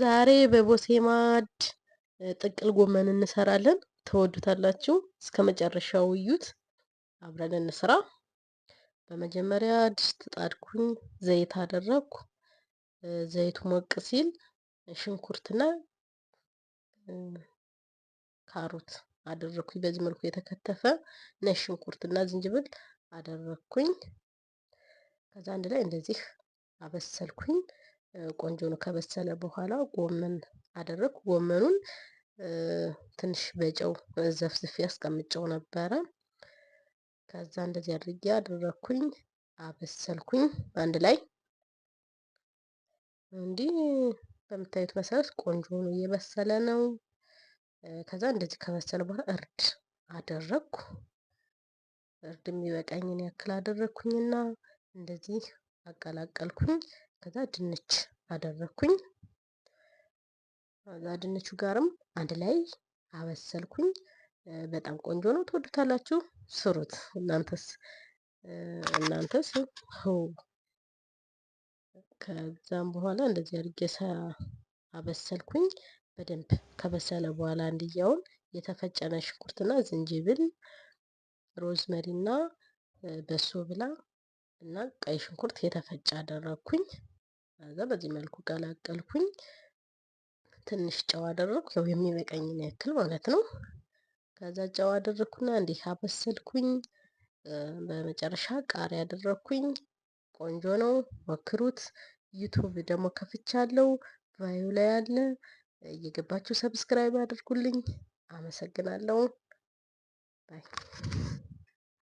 ዛሬ በቦሴ ማድ ጥቅል ጎመን እንሰራለን። ተወዱታላችሁ። እስከ መጨረሻው እዩት፣ አብረን እንስራ። በመጀመሪያ ድስት ጣድኩኝ፣ ዘይት አደረግኩ። ዘይቱ ሞቅ ሲል ሽንኩርትና ካሮት አደረግኩኝ። በዚህ መልኩ የተከተፈ ነጭ ሽንኩርትና ዝንጅብል አደረግኩኝ። ከዛ አንድ ላይ እንደዚህ አበሰልኩኝ። ቆንጆ ነው። ከበሰለ በኋላ ጎመን አደረግኩ። ጎመኑን ትንሽ በጨው ዘፍዝፌ አስቀምጨው ነበረ። ከዛ እንደዚህ አድርጌ አደረግኩኝ፣ አበሰልኩኝ አንድ ላይ እንዲህ በምታዩት መሰረት ቆንጆ ነው፣ እየበሰለ ነው። ከዛ እንደዚህ ከበሰለ በኋላ እርድ አደረግኩ። እርድ የሚበቃኝን ያክል አደረግኩኝና እንደዚህ አቀላቀልኩኝ። ከዛ ድንች አደረኩኝ። ከዛ ድንቹ ጋርም አንድ ላይ አበሰልኩኝ። በጣም ቆንጆ ነው። ትወዱታላችሁ። ስሩት እናንተስ እናንተስ ከዛም በኋላ እንደዚህ አድርጌ አበሰልኩኝ። በደንብ ከበሰለ በኋላ እንድያውን የተፈጨነ ሽንኩርትና ዝንጅብል፣ ሮዝመሪና በሶ ብላ እና ቀይ ሽንኩርት የተፈጨ አደረኩኝ። ከዛ በዚህ መልኩ ቀላቀልኩኝ። ትንሽ ጨው አደረኩ፣ ያው የሚበቃኝን ያክል ማለት ነው። ከዛ ጨው አደረግኩና እንዲህ አበሰልኩኝ። በመጨረሻ ቃሪያ አደረኩኝ። ቆንጆ ነው፣ ሞክሩት። ዩቱብ ደግሞ ከፍቻለሁ፣ ባዩ ላይ አለ። እየገባችሁ ሰብስክራይብ አድርጉልኝ። አመሰግናለሁ። ባይ